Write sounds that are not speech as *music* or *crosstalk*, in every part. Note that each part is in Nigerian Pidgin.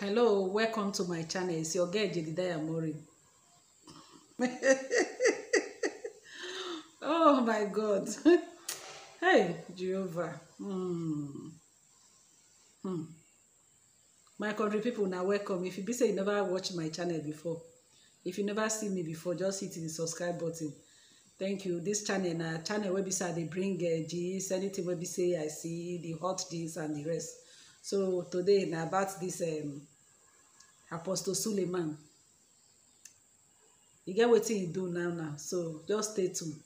hello welcome to my channel it's your girl Jedidiah Muri *laughs* oh my god *laughs* hey Jehovah mm. Mm. my country people now welcome if you be say you never watch my channel before if you never see me before just hit the subscribe button thank you this channel na channel will be say they bring uh, gist anything Will be say i see the hot gist and the rest so today now about this um, apostle suleiman e get wetin you do now now so just stay tuned.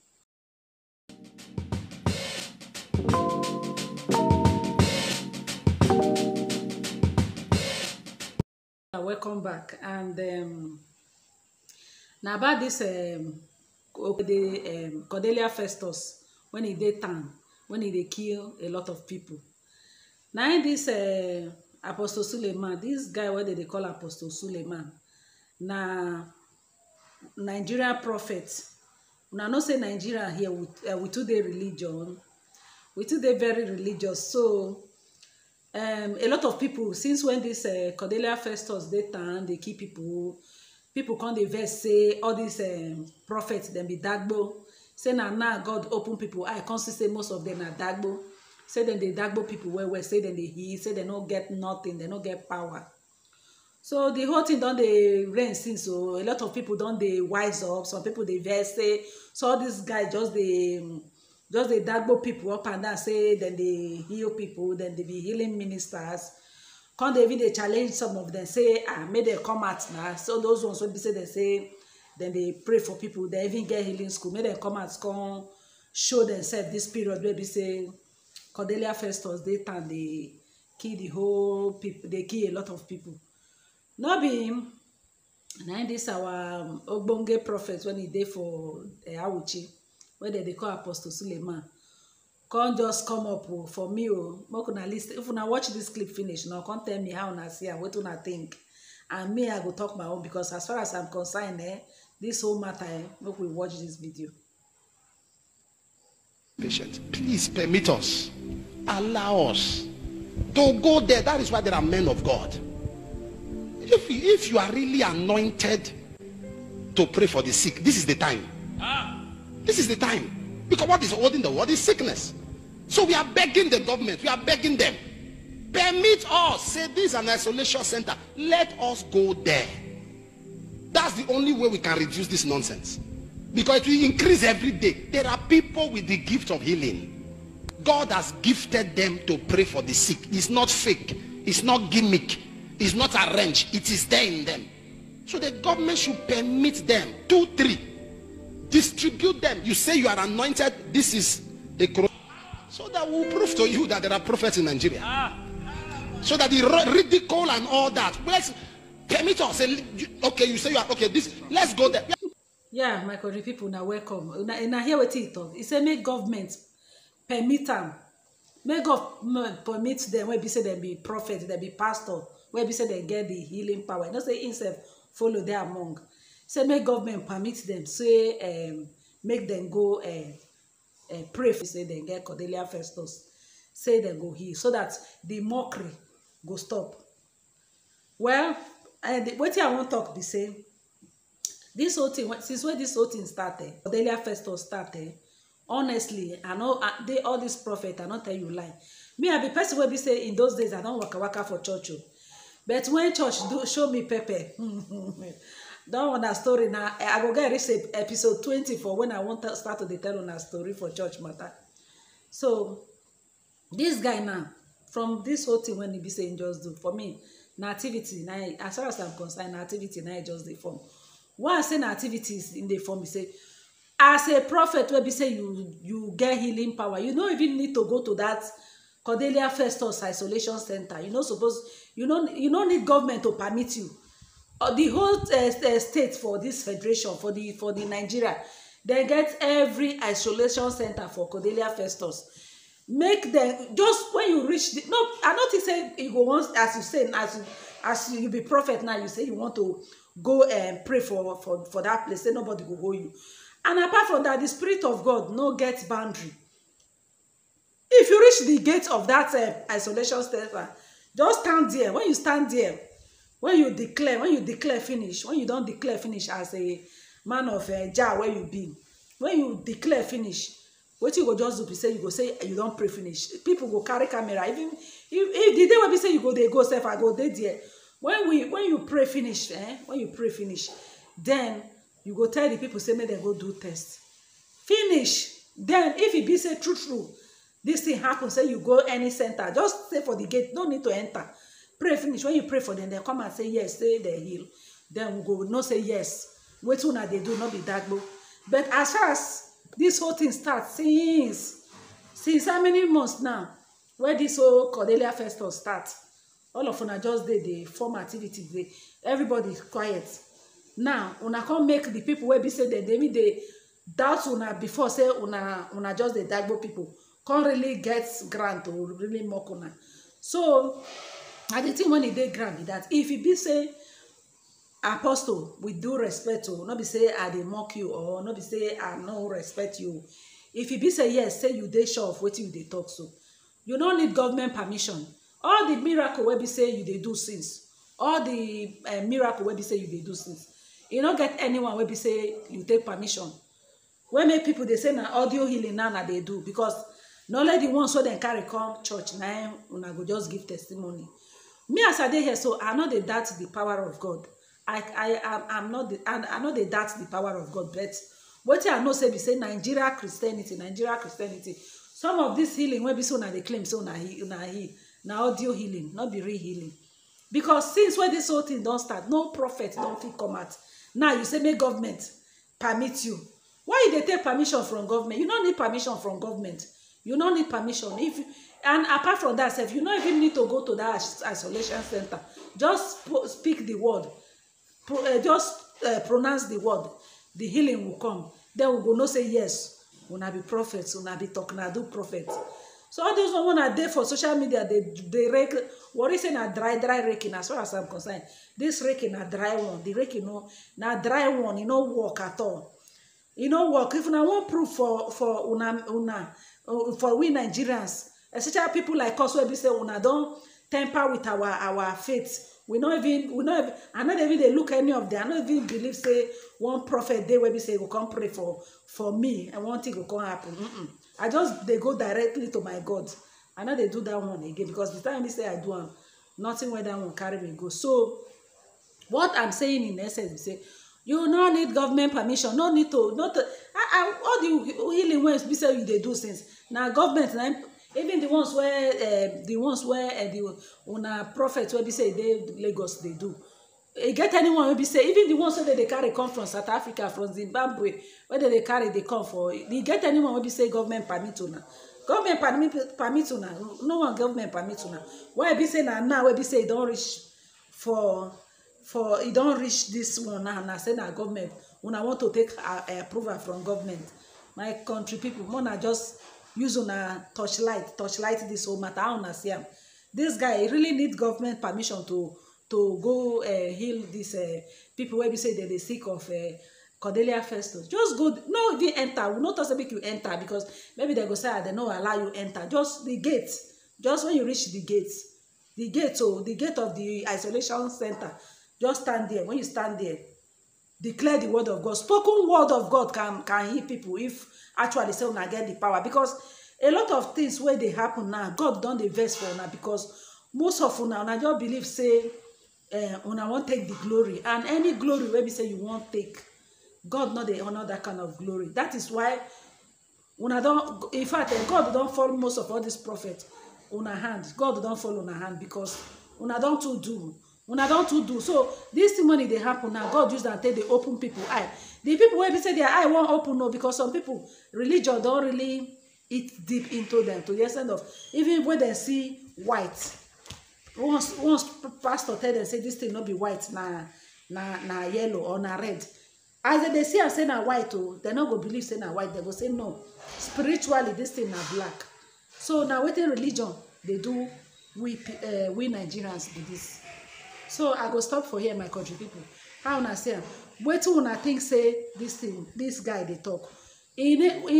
welcome back and um, na about this um, um, cordelia festus when e dey town when e dey kill a lot of people na in this uh, apostle suleiman This guy wey dem dey call apostle suleiman na nigeria prophet una know say nigeria here we, uh, we too dey religion we too dey very religious so um, a lot of people since when this uh, cordelia festus dey town dey kill people people come dey vex say all these um, prophets dem be dagbo say na now god open people eye come see say most of them na dagbo say dem dey dagbo people, where well say dem dey heal say they no get nothing they no get power so the whole thing done. They rain since so a lot of people don They wise up some people they vex so all dis guy just dey um, just dey dagbo people up and down say then dey heal people, then dey be healing ministers come they even dey challenge some of them? say ah make dem come out now. so those ones wey be say dem say dem dey pray for people. They even get healing school make dem come out come show demsef this period maybe say Cordelia Festus they town dey kill the whole people they kill a lot of people no be him na this our um, ogbonge prophet when he dey for uh, Awuchi wey dem call Apostle Suleiman come just come up oh, for me o oh, make una lis ten if una watch this clip finish now, come tell me how una see am wetin I think and me i go talk my own because as far as i'm concerned eh this whole matter eh we watch this video patient please permit us allow us to go there. That is why there are men of God. If you, if you are really anointed to pray for the sick, this is the time. Ah. This is the time. Because what is holding the world is sickness. So we are begging the government. We are begging them. Permit us. Say this is an isolation center. Let us go there. That's the only way we can reduce this nonsense. Because it will increase every day. There are people with the gift of healing. God has gifted them to pray for the sick. It's not fake. It's not gimmick. It's not arranged. It is there in them. So the government should permit them. Two, three. Distribute them. You say you are anointed. This is a cross. So that will prove to you that there are prophets in Nigeria. So that the ridicule and all that. Let's permit us. Okay, you say you are okay. This let's go there. Yeah, my country people, now welcome. Now, now hear what he talk. He make government permit them. make god mm, permit them. wey be say they be prophet they be pastor wey be say they get the healing power not say him follow dey among say make government permit them. say um, make them go uh, uh, pray for say they get cordelia festus say they go heal so that the mockery go stop well and the what i want to talk be say This whole thing since wey this whole thing started, eh, cordelia festus started. Eh, honestly i no they all these prophet i don't tell you lie me i be person wey be say in those days i don waka waka for church o oh. but when church do show me pepper don *laughs* una story na i go get reach episode twenty for when i wan start to dey tell una story for church matter so this guy now from this whole thing when e be say im just do for me nativity activity na as far as i'm concerned nativity activity na e just dey form why i say na in im dey form be say as a prophet wey be say you you get healing power you don't even need to go to that cordelia festus isolation center you know, suppose you no you no need government to permit you uh, the whole uh, uh, state for this federation for the for the nigeria they get every isolation center for cordelia festus make them just when you reach the no i know think say you go wan as you say as you as you be prophet now you say you want to go and um, pray for for for that place say nobody go hold you and apart from that the spirit of god no get boundary if you reach the gate of that uh, isolation center ah, just stand there when you stand there when you declare when you declare finish when you don't declare finish as a man of uh, jah where you be when you declare finish what you go just do be say you go say you don't pray finish people go carry camera even if if the day wey be say you go they go sef i go dey there when we when you pray finish eh when you pray finish then you go tell the people. say make dem go do test finish Then if it be say true true this thing happen say you go any center just stay for the gate no need to enter pray finish when you pray for them. They come and say yes say they heal Then we go No say yes Wait wetin una they do not be dagbo but as far as dis whole thing start since since how many months now Where this whole cordelia festival start all of them are just dey they form activity. They everybody quiet now una come make the people wey be say dem dey mean dey doubt una before say una una just dey dagbo people come really get ground to really mock una so na the thing when e dey ground be that if e be say apostle with due respect o no be say i dey mock you or no be say i no respect you if e be say yes say you dey sure of wetin you dey talk so you no need government permission all the miracle wey be say you dey do since all the eh, miracle wey be say you dey do since you don't get anyone where be say you take permission wey many people they say na audio healing now that they do because not only the ones wey dem carry come church na una go just give testimony me as i dey here so i know dey doubt the power of god i i am not i know dey doubt the power of god but what i know say be say nigeria christianity nigeria christianity some of this healing wey be so now they claim say una he na audio healing not be real healing because since where this whole thing don't start no prophet don't fit come at now you say make government permit you why you dey take permission from government you no need permission from government you no need permission if you, and apart from that if you no even need to go to that isolation center just speak the word pro uh, just uh, pronounce the word the healing will come then we will know say yes We una be prophets. prophet una be do prophets so all those one wey dey for social media they they rake What worry saying? A dry dry raking as far as i'm concerned this raking a dry one The raking no, na dry one e no work at all e no work if I want proof for for una una for we nigerians especially people like us Where we say una don't temper with our our faith we no even we no even i not even they look any of them i not even believe say one prophet They wey be say go come pray for for me and one thing go come happen mm -mm i just they go directly to my god i no they do that one again because the time they say i do am nothing where that one carry me go so what i'm saying in essence be say you no need government permission no need to not. I, I all the healing wey we say they do since now government na even the ones where uh, the ones where uh, the una prophets where they say they lagos they do e get anyone wey be say even the ones wey dey carry come from south africa from zimbabwe wey dey carry dey come for e get anyone wey be say government permit una government permit permit una no one government permit una why e be say na now wey be say e don reach for for e don reach this one now na say na government una want to take uh, uh, approval from government my country people more na just use una torchlight torchlight this whole matter how una see am dis guy e really need government permission to to go uh, heal these uh, people wey be say dem dey sick of uh, cordelia festus just go no even enter we not talk say make you enter because maybe they go say they ah, dem no allow you enter just the gate just when you reach the gate the gate o oh, the gate of the isolation center just stand there when you stand there declare the word of god spoken word of god can can heal people if actually say una get the power because a lot of things where they happen now god done the verse for now because most of una una just believe say una eh, won't take the glory and any glory Where we say you won't take god not dey honour dat kind of glory That is why una don't. in fact eh, god don't fall most of all these prophets una hand god don fall una hand because una don too do una don too do so dis thing money e they happen now god use that take open people eye the people where we say their eye won't open no because some people religion don't really eat deep into them to the extent of even when they see white once once pastor tell them say this thing not be white na na na yellow or na red as they dey see and say na white o oh, dem no go believe say na white They go say no spiritually this thing na black so na within religion they do we uh, we nigerians be dis so i go stop for here my country people. how na say? am wetin una think say this thing this guy they talk e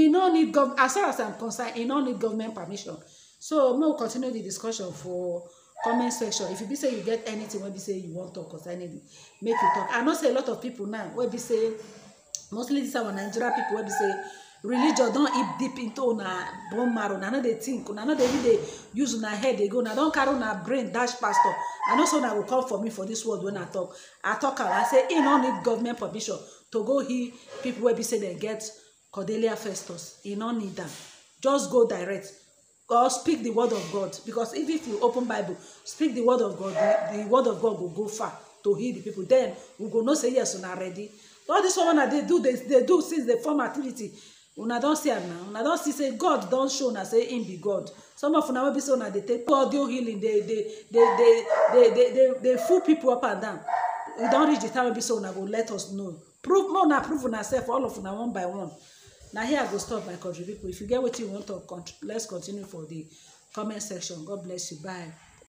no need gov as far as i'm concerned e no need government permission so make we continue the discussion for comment section if you be say you get anything wey be say you wan talk concerning you make you talk i know say a lot of people now wey be say mostly this our nigeria people wey be say religion don eat deep into una bone marrow una no dey think una no dey dey use una head dey go una don carry una brain dash pastor i know say una go come for me for this world when i talk i talk am i say e no need government permission to go heal people wey be say dem get cordelia festus e no need am just go direct or speak the word of God because even if you open Bible speak the word of God the, the word of God will go far to heal the people then we go not say yes una ready all this woman that they do they they do since the form activity una don't see am now una don't see say God don't show na say him be God some of una wey be say una dey take audio healing they they they they they they dey dey fool people up and down e don reach the time wey be say una go let us know prove more una prove una sef all of una one by one Now here i go stop my country people if you get what you wan talk let's continue for the comment section god bless you bye